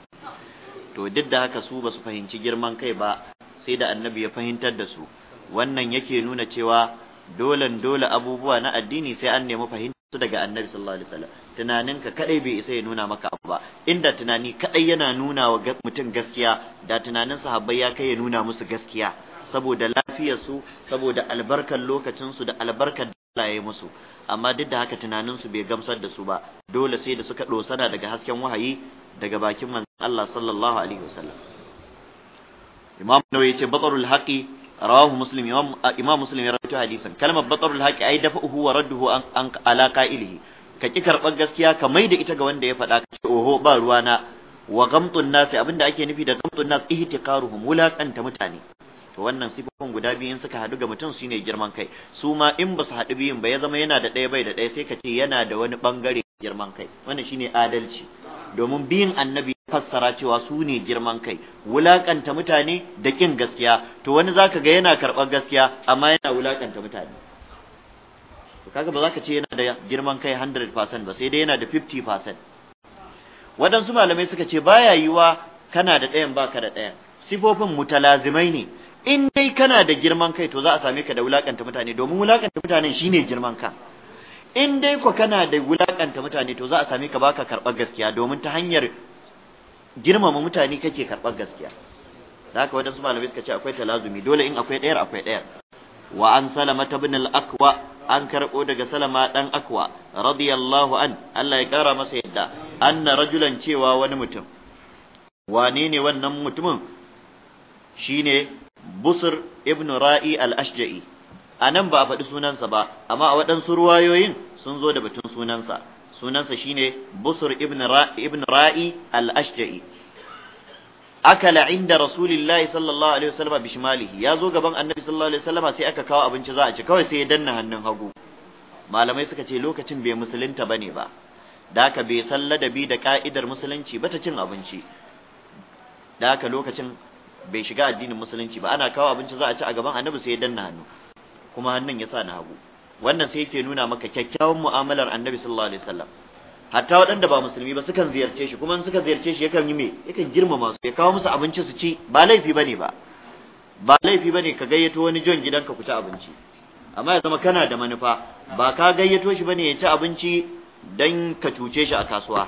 to duk da haka su ba su fahimci girman kai ba sai da annabi ya fahimtar da su wannan yake nuna cewa dole dole abubuwa na addini sai an nemi fahimta daga annabi sallallahu alaihi wasallam tunaninka kadai bai isa ya nuna maka abu ba inda tunani kadai yana nuna wa mutum gaskiya da tunanin sahabbai ya kai ya nuna musu gaskiya saboda lafiyarsu saboda albarkar lokacinsu da albarkar da ya musu amma duk da haka tunaninsu bai gamsar da su ba dole sai da suka dosana daga hasken wahayi daga bakin manzon Allah sallallahu alaihi wasallam imam nawawi yace batarul haqi rawahu muslim imam muslim ya rawaito hadisan kalmar batarul haqi ai dafa'uhu wa radduhu an ala qa'ilihi ka ki karɓar gaskiya ka mai da ita ga wanda ya faɗa ka ce oho ba ruwana wa gamtun nasi abinda ake nufi da gamtun nas ihtiqaruhum wulaqanta mutane to wannan sifofin guda biyu in suka haɗu ga mutum shine girman kai su ma in ba su haɗu biyun ba ya zama yana da ɗaya bai da ɗaya sai ka ce yana da wani ɓangare girman kai wannan shine adalci domin biyun annabi fassara cewa su ne girman kai Wulaƙanta mutane da ƙin gaskiya to wani zaka ga yana karɓar gaskiya amma yana wulaƙanta mutane to kaga ba za ka ce yana da girman kai 100% ba sai dai yana da 50% waɗansu malamai suka ce baya yiwa kana da ɗayan baka da ɗayan sifofin mutalazimai ne in dai kana da girman kai to za a same ka da wulakanta mutane domin wulakanta mutanen shine girman ka in dai ko kana da wulakanta mutane to za a same ka baka karɓar gaskiya domin ta hanyar girmama mutane kake karɓar gaskiya da ka waɗansu malamai suka ce akwai talazumi dole in akwai ɗayar akwai ɗayar wa an salama ta al-aqwa an karɓo daga salama ɗan akwa radiyallahu an Allah ya ƙara masa yadda anna rajulan cewa wani mutum wane ne wannan mutumin shine busur ibn ra'i al-ashja'i a nan ba a faɗi sunansa ba amma a waɗansu ruwayoyin sun zo da batun sunansa sunansa shine busur ibn ra'i al-ashja'i akala inda rasulillahi sallallahu alaihi wasallam bishmalihi ya zo gaban annabi sallallahu alaihi wasallam sai aka kawo abinci za a ci kawai sai ya danna hannun hagu malamai suka ce lokacin bai musulunta bane ba da ka bai san ladabi da ka'idar musulunci ba ta cin abinci da ka lokacin bai shiga addinin musulunci ba ana kawo abinci za a ci a gaban annabi sai ya danna hannu kuma hannun ya sa na hagu wannan sai yake nuna maka kyakkyawan mu'amalar annabi sallallahu alaihi wasallam hatta waɗanda ba musulmi ba sukan ziyarce shi kuma suka ziyarce shi yakan yi me yakan girmama su ya kawo musu abinci su ci ba laifi bane ba ba laifi bane ka gayyato wani jon gidanka ku ci abinci amma ya zama kana da manufa ba ka gayyato shi bane ya ci abinci dan ka cuce shi a kasuwa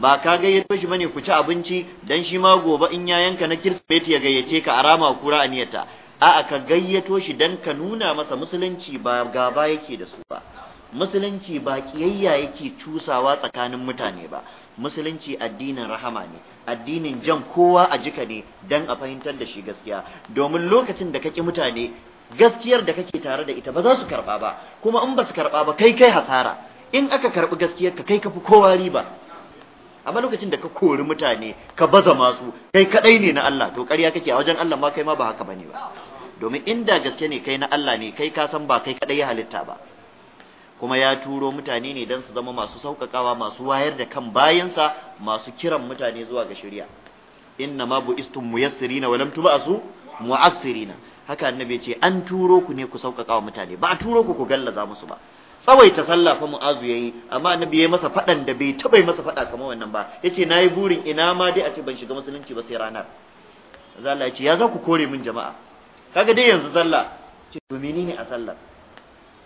ba ka gayyato shi bane ku ci abinci dan shi ma gobe in yayanka na kirsimeti ya gayyace ka a rama kura aniyata a'a ka gayyato shi dan ka nuna masa musulunci ba gaba yake da su ba musulunci ba kiyayya yake cusawa tsakanin mutane ba musulunci addinin rahama ne addinin jan kowa a jika ne dan a fahimtar da shi gaskiya domin lokacin da kake mutane gaskiyar da kake tare da ita ba za su karba ba kuma in ba su karba ba kai kai hasara in aka karbi gaskiyar ka kai kafi kowa riba amma lokacin da ka kori mutane ka baza masu kai kadai ne na Allah to ƙarya kake a wajen Allah ma kai ma ba haka bane ba domin inda gaske ne kai na Allah ne kai ka san ba kai kadai ya halitta ba kuma ya turo mutane ne don su zama masu sauƙaƙawa masu wayar da kan bayansa masu kiran mutane zuwa ga shari'a inna ma bu'istum muyassirina wa lam tub'asu mu'assirina haka annabi ya ce an turo ku ne ku sauƙaƙawa mutane ba a turo ku ku gallaza musu ba tsawaita sallah fa mu'azu yayi amma annabi yayi masa faɗan da bai taɓa masa faɗa kamar wannan ba yace nayi burin ina ma dai a ce ban shiga musulunci ba sai ranar zalla ya ya za ku kore min jama'a kaga dai yanzu sallah ce to menene a Sallah?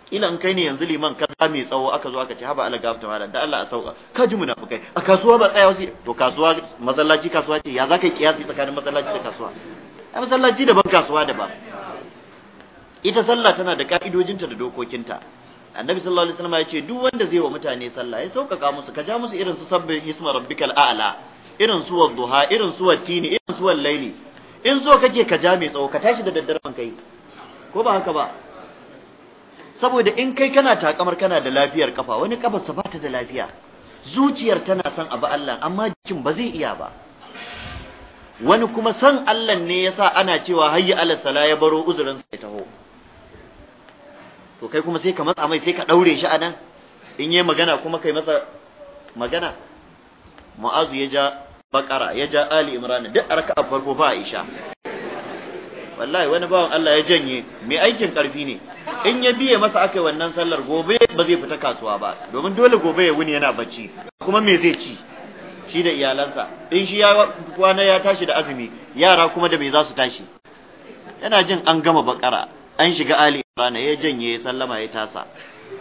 kila in kai ne yanzu liman kaza mai tsawo aka zo aka ce haba ala gafta malam da Allah a sauka ka ji munafikai a kasuwa ba tsaya wasi to kasuwa masallaci kasuwa ce ya zaka kiyasi tsakanin masallaci da kasuwa a masallaci daban kasuwa daban ita sallah tana da ka'idojinta da dokokinta annabi sallallahu alaihi wasallam ya ce duk wanda zai wa mutane sallah ya sauƙaƙa musu ka ja musu irin su sabbin isma rabbikal a'la irin su wadduha irin su wattini irin su wallaili in zo kake ka ja mai tsawo ka tashi da daddaren kai ko ba haka ba saboda in kai kana takamar kana da lafiyar kafa wani kafarsa ba bata da lafiya zuciyar tana son abu Allah amma jikin ba zai iya ba wani kuma son Allah ne yasa ana cewa hayya ala sala ya baro uzurin sai taho to kai kuma sai ka matsa mai sai ka daure shi anan in yayi magana kuma kai masa magana mu'azu ya ja bakara ya ja ali imran duk a farko ba aisha wallahi wani bawan Allah ya janye mai aikin karfi ne in ya biye masa aka wannan sallar gobe ba zai fita kasuwa ba domin dole gobe ya wuni yana bacci kuma me zai ci shi da iyalansa in shi ya kwana ya tashi da azumi yara kuma da me za su tashi yana jin an gama bakara an shiga ali imran ya janye ya sallama ya tasa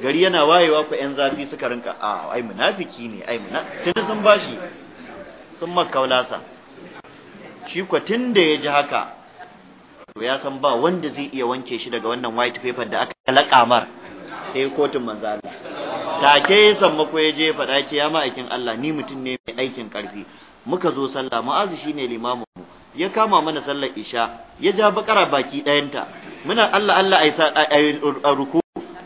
gari yana wayewa ku yan zafi suka rinka a ai munafiki ne ai muna tun sun bashi sun makaulasa shi ko da ya ji haka to ya san ba wanda zai iya wanke shi daga wannan white paper da aka laƙa mar sai kotun manzo Allah san mako ya je faɗa ce ya ma'aikin Allah ni mutum ne mai aikin ƙarfi muka zo sallah mu'azu shine limamin mu ya kama mana sallar isha ya ja bakara baki ɗayanta muna Allah Allah ai ruku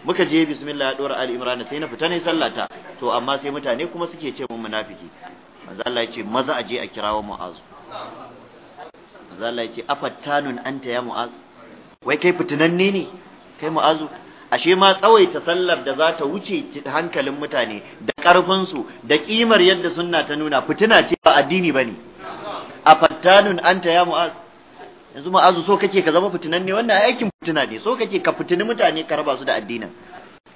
muka je bismillah ya dora ali imran sai na fita ne ta to amma sai mutane kuma suke ce mun munafiki manzo ya ce maza a je a kirawo mu'azu zalla ya ce afattanun anta ya mu'az wai kai fitinanne ne kai mu'azu ashe ma tsawaita sallar da za ta wuce hankalin mutane da ƙarfinsu da ƙimar yadda sunna ta nuna fitina ce ba addini ba ne Afattanun anta ya mu'az yanzu mu'azu so kake ka zama fitinan ne wannan aikin fitina ne so kake ka fitini mutane ka raba su da addinin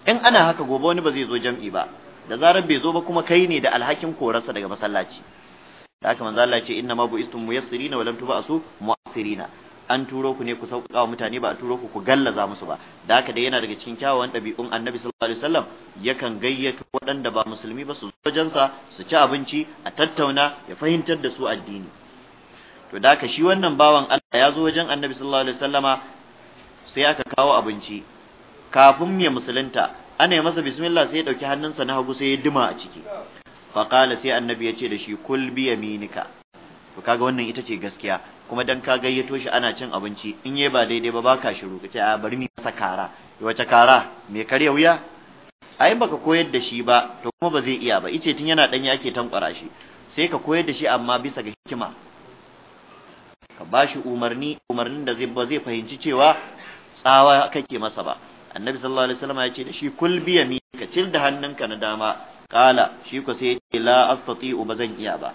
in ana haka gobe wani ba zai zo jam'i ba da zarar bai zo ba kuma kai ne da alhakin korarsa daga masallaci da haka manzo Allah ya ce inna ma bu'istum muyassirina wa lam tub'asu mu'assirina an turo ku ne ku sauƙaƙa mutane ba a turo ku ku gallaza musu ba da haka dai yana daga cikin kyawawan ɗabi'un annabi sallallahu alaihi wasallam yakan gayyato waɗanda ba musulmi ba su zo wajensa su ci abinci a tattauna ya fahimtar da su addini to da haka shi wannan bawan Allah ya zo wajen annabi sallallahu alaihi wasallama sai aka kawo abinci kafin ya musulunta ana yi masa bismillah sai ya ɗauki hannunsa na hagu sai ya duma a ciki faqala sai annabi ya ce da shi kul bi yaminika to kaga wannan ita ce gaskiya kuma dan ka gayyato shi ana cin abinci in yai ba daidai ba baka shiru ce a bari mi masa kara wace kara me karya wuya ai baka koyar da shi ba to kuma ba zai iya ba ice tun yana danya ake tankwara shi sai ka koyar da shi amma bisa ga hikima ka ba shi umarni umarnin da zai ba zai fahimci cewa tsawa kake masa ba annabi sallallahu alaihi wasallam ya ce da shi kul bi yaminika cil da hannunka na dama kala shi ko sai yace la astati'u bazan iya ba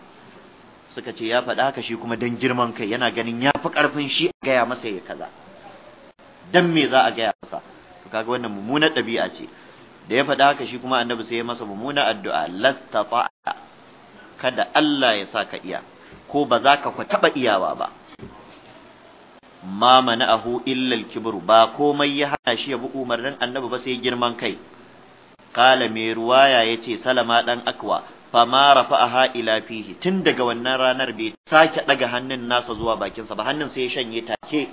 suka ce ya faɗa haka shi kuma dan girman kai yana ganin ya fi ƙarfin shi a gaya masa ya kaza dan me za a gaya masa to kaga wannan mummunar ɗabi'a ce da ya faɗa haka shi kuma annabi sai ya masa mummuna addu'a lastata kada Allah ya sa ka iya ko ba za ka taɓa iyawa ba ma mana'ahu illa al-kibru ba komai ya hana shi ya bi umarnin annabi ba sai girman kai qala mai ruwaya yace salama dan akwa fama rafa'aha ila fihi tun daga wannan ranar bai sake daga hannun nasa zuwa bakinsa ba hannun sai ya shanye take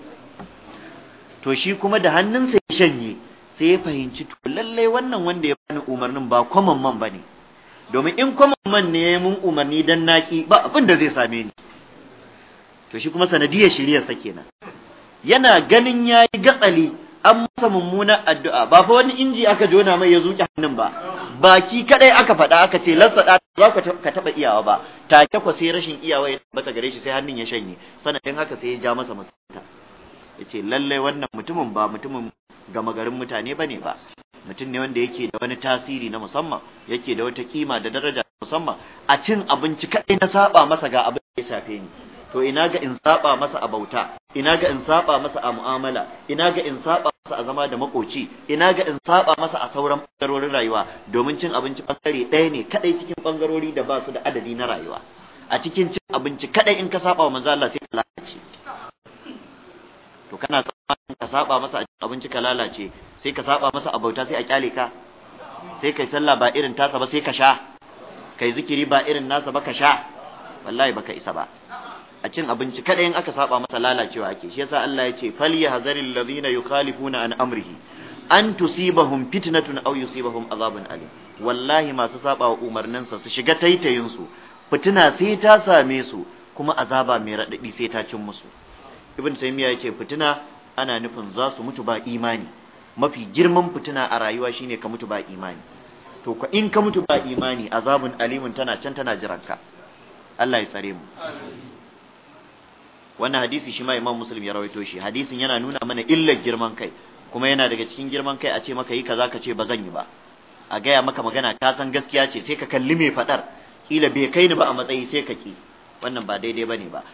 to shi kuma da hannunsa ya shanye sai ya fahimci to lallai wannan wanda ya bani umarnin ba kwamon man bane domin in kwaman man ne mun umarni dan naki ba abin da zai same ni to shi kuma sanadiyar shiryarsa kenan yana ganin yayi gatsali an masa mummunar addu'a ba fa wani inji aka jona mai ya zuke hannun ba baki kaɗai aka faɗa aka ce lassada za ka taɓa iyawa ba take ko sai rashin iyawa ya tabbata gare shi sai hannun ya shanye sanadin haka sai ya ja masa musulunta ya ce lallai wannan mutumin ba mutumin gama garin mutane ba ne ba mutum ne wanda yake da wani tasiri na musamman yake da wata kima da daraja musamman a cin abinci kaɗai na saba masa ga abin da ya shafe ni to ina ga in saba masa a bauta ina ga in saba masa a mu'amala ina ga in saba masa a zama da makoci ina ga in saba masa a sauran bangarorin rayuwa domin cin abinci bangare ɗaya ne kadai cikin bangarori da ba su da adadi na rayuwa a cikin cin abinci kadai in ka saba wa manzo Allah sai ka lalace to kana ka saba masa a abinci ka lalace sai ka saba masa a bauta sai a kyale ka sai kai sallah ba irin tasa ba sai ka sha kai zikiri ba irin nasa ba ka sha wallahi baka isa ba a cin abinci kada in aka saba masa lalacewa ake shi yasa Allah ya ce yahzaril ladina yukhalifuna an amrihi an tusibahum fitnatun aw yusibahum azabun alim wallahi masu saba wa sa su shiga taitayin su fitina sai ta same su kuma azaba mai radadi sai ta cin musu ibn taymiya yake fitina ana nufin za su mutu ba imani mafi girman fitina a rayuwa shine ka mutu ba imani to ka in ka mutu ba imani azabun alimun tana can tana jiranka Allah ya tsare mu wannan hadisi shi ma imam muslim ya rawaito shi hadisin yana nuna mana illar girman kai kuma yana daga cikin girman kai a ce maka yi kaza ka ce ba zan yi ba a gaya maka magana ka san gaskiya ce sai ka kalli mai fadar kila bai kai ni ba a matsayi sai ka ki wannan ba daidai bane ba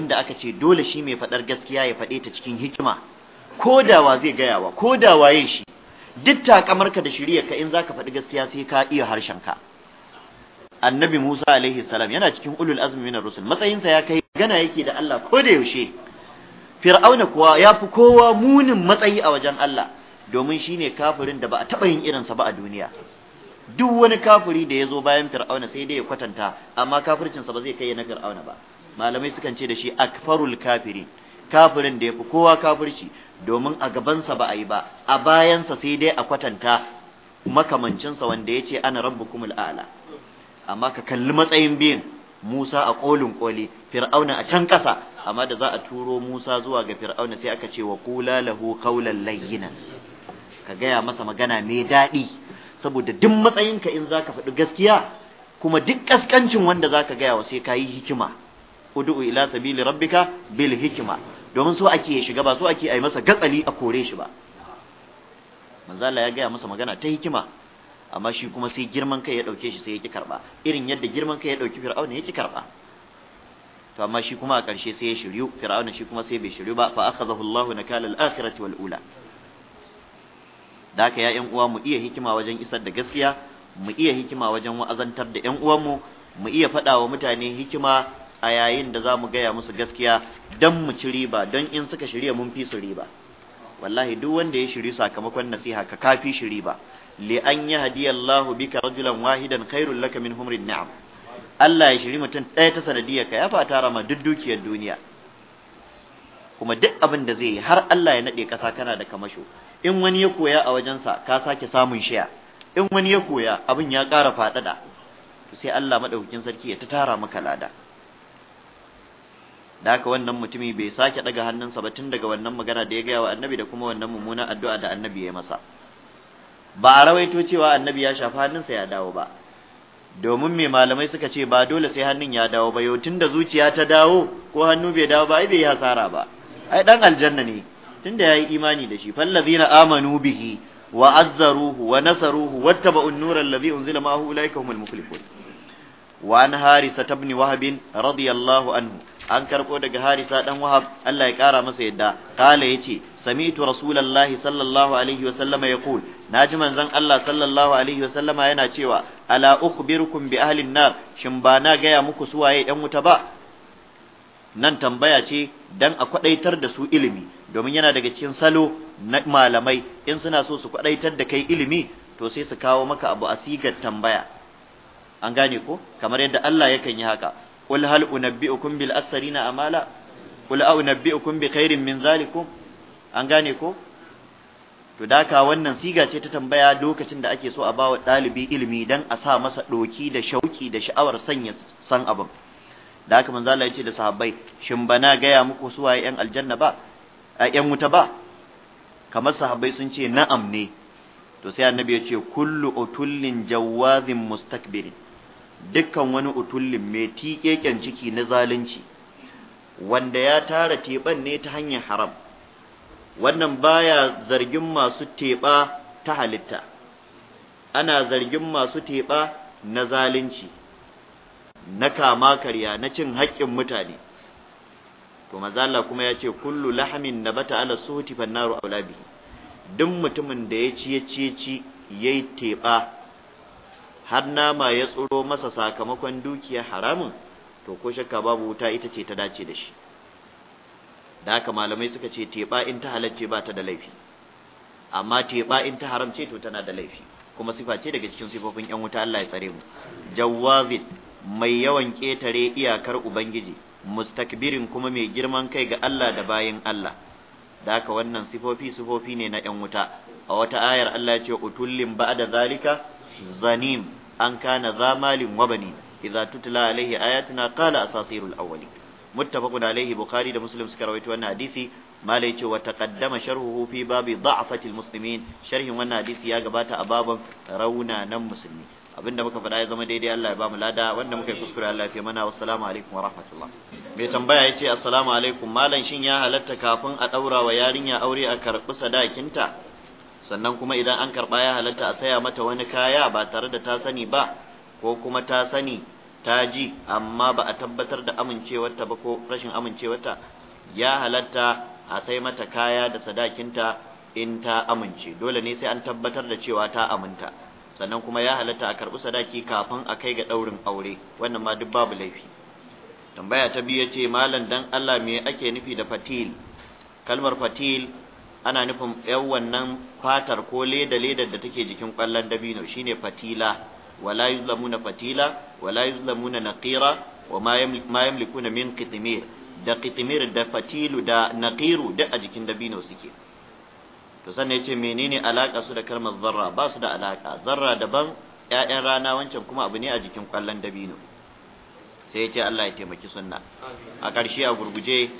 da aka ce dole shi mai fadar gaskiya ya fade ta cikin hikima ko da wa zai gayawa ko da waye shi duk takamarka da ka in zaka faɗi gaskiya sai ka iya harshen ka annabi Musa alaihi salam yana cikin ulul azmi minar rusul matsayinsa ya kai gana yake da Allah ko da yaushe fir'auna kuwa ya fi kowa munin matsayi a wajen Allah domin shine kafirin da ba a taba yin irinsa ba a duniya duk wani kafiri da ya zo bayan fir'auna sai dai ya kwatanta amma kafircinsa ba zai kai na fir'auna ba malamai sukan ce da shi akfarul kafirin kafirin da ya fi kowa kafirci domin a gabansa ba a yi ba a bayansa sai dai a kwatanta makamancinsa wanda ya ce ana rabbukumul a'la amma ka kalli matsayin biyan Musa a kolin koli Fir'auna a can ƙasa amma da za a turo Musa zuwa ga Fir'auna sai aka ce wa kula lahu qawlan layyina ka gaya masa magana mai daɗi saboda duk matsayinka in zaka faɗi gaskiya kuma duk kaskancin wanda zaka gaya wa sai kayi hikima ud'u ila sabili rabbika bil hikima domin so ake ya shiga ba so ake ai masa gatsali a kore shi ba Manzala ya gaya masa magana ta hikima amma shi kuma sai girman kai ya dauke shi sai ya ki karba irin yadda girman kai ya dauki fir'auna ya ki karba to amma shi kuma a ƙarshe sai ya shiryu fir'auna shi kuma sai bai shiryu ba fa akhadhahu Allahu nakala al-akhirati wal ula da haka ya ƴan uwa mu iya hikima wajen isar da gaskiya mu iya hikima wajen wa'azantar da ƴan uwanmu mu iya faɗa wa mutane hikima a yayin da za mu gaya musu gaskiya don mu ci riba don in suka shirya mun fi su riba wallahi duk wanda ya shiri sakamakon nasiha ka kafi shi ba li'an hadiyallahu bika rajulan wahidan khairul laka min humrin ni'am Allah ya shiri mutum ɗaya ta sanadiyar ka ya fata rama duk dukiyar duniya kuma duk abin da zai yi har Allah ya nade kasa kana da kamasho in wani ya koya a wajensa ka sake samun shiya in wani ya koya abin ya ƙara faɗaɗa sai Allah madaukakin sarki ya ta tara maka lada da haka wannan mutumi bai sake daga hannunsa ba tun daga wannan magana da ya gaya wa annabi da kuma wannan mummunan addu'a da annabi ya yi masa ba a rawaito cewa annabi ya shafi hannunsa ya dawo ba domin me malamai suka ce ba dole sai hannun ya dawo ba yau tunda zuciya ta dawo ko hannu bai dawo ba ai bai yi hasara ba ai dan aljanna ne tunda yayi imani da shi fallazina amanu bihi wa azzaruhu wa nasaruhu an nura allazi unzila ma'ahu ulaika humul muflihun wa an harisa Tabni wahabin, radiyallahu anhu an karbo daga harisa dan wahab Allah ya kara masa yadda kala yace sami'tu rasulullahi sallallahu alaihi wa sallama yaqul naji manzon Allah sallallahu alaihi wa sallama yana cewa ala ukhbirukum bi ahli nar shin ba na gaya muku su waye yan wuta ba nan tambaya ce dan a kwadaitar da su ilimi domin yana daga cikin salo na malamai in suna so su kwadaitar da kai ilimi to sai su kawo maka abu asigar tambaya an gane ko kamar yadda Allah yakan yi haka qul hal unabbi'ukum bil asrina amala qul unabbiukum bi khairin min zalikum an gane ko to daka wannan siga ce ta tambaya lokacin da ake so a bawa ɗalibi ilimi dan a sa masa ɗoki da shauki da sha'awar sanya san abin da haka manzo Allah ya ce da sahabbai shin bana gaya muku su waye 'yan aljanna ba a 'yan wuta ba kamar sahabbai sun ce na'am ne to sai annabi ya ce kullu utullin jawazin mustakbirin dukkan wani utullin mai tiƙeƙen ciki na zalunci wanda ya tara teban ne ta hanyar haram wannan baya zargin masu teɓa ta halitta ana zargin masu teɓa na zalunci na kama karya na cin haƙƙin mutane to mazalla kuma ya ce kullu lahamin na bata ala suhuti fannaru aula bihi duk mutumin da ya ci ya ci ci ya yi teɓa har nama ya tsoro masa sakamakon dukiya haramun to ko shakka babu wuta ita ce ta dace da shi da haka malamai suka ce teba in ta halarce ba ta da laifi amma teba in ta haramce to tana da laifi kuma sifa ce daga cikin sifofin yan wuta Allah ya tsare mu jawazin mai yawan ketare iyakar ubangiji mustakbirin kuma mai girman kai ga Allah da bayin Allah da haka wannan sifofi sifofi ne na yan wuta a wata ayar Allah ya ce utullin ba'da zalika zanim an kana zamalin wabani idza tutla alaihi ayatuna qala asatirul awwalin muttafaqun alaihi bukhari da muslim suka rawaito wannan hadisi malai ce wa taqaddama sharhuhu babu babi da'fatil muslimin sharhin wannan hadisi ya gabata a baban raunanan musulmi abinda muka faɗa ya zama daidai Allah ya ba lada wanda muka yi kuskure Allah ya fi mana wassalamu alaikum wa rahmatullah mai tambaya yace assalamu alaikum malam shin ya halatta kafin a daura wa yarinya aure a karɓi sadakinta sannan kuma idan an karɓa ya halatta a saya mata wani kaya ba tare da ta sani ba ko kuma ta sani ta ji amma ba a tabbatar da amincewarta ba ko rashin amincewarta ya halatta a sai mata kaya da sadakinta in ta amince dole ne sai an tabbatar da cewa ta aminta sannan kuma ya halatta a karɓi sadaki kafin a kai ga ɗaurin aure wannan ma duk babu laifi tambaya ta biyu ce malam dan Allah me ake nufi da fatil kalmar fatil ana nufin yan wannan fatar ko leda ledar da take jikin ƙwallon dabino shine fatila wala yuzlamuna fatila wala yuzlamuna naqira wa ma yamlikuna min da qitmir da fatilu da naqiru duk a jikin dabino suke to sannan yace menene alaka su da kalmar zarra ba su da alaka zarra daban ƴaƴan rana wancan kuma abu ne a jikin kwallon dabino sai yace Allah ya taimaki sunna a ƙarshe a gurguje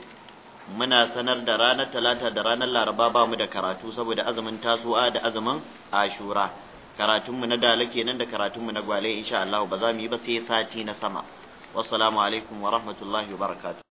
muna sanar da ranar talata da ranar laraba ba mu da karatu saboda azumin tasu'a da azumin ashura karatunmu na dala kenan da karatunmu na gwale insha Allah ba za mu yi ba sai sati na sama wassalamu alaikum wa rahmatullahi wa barakatuh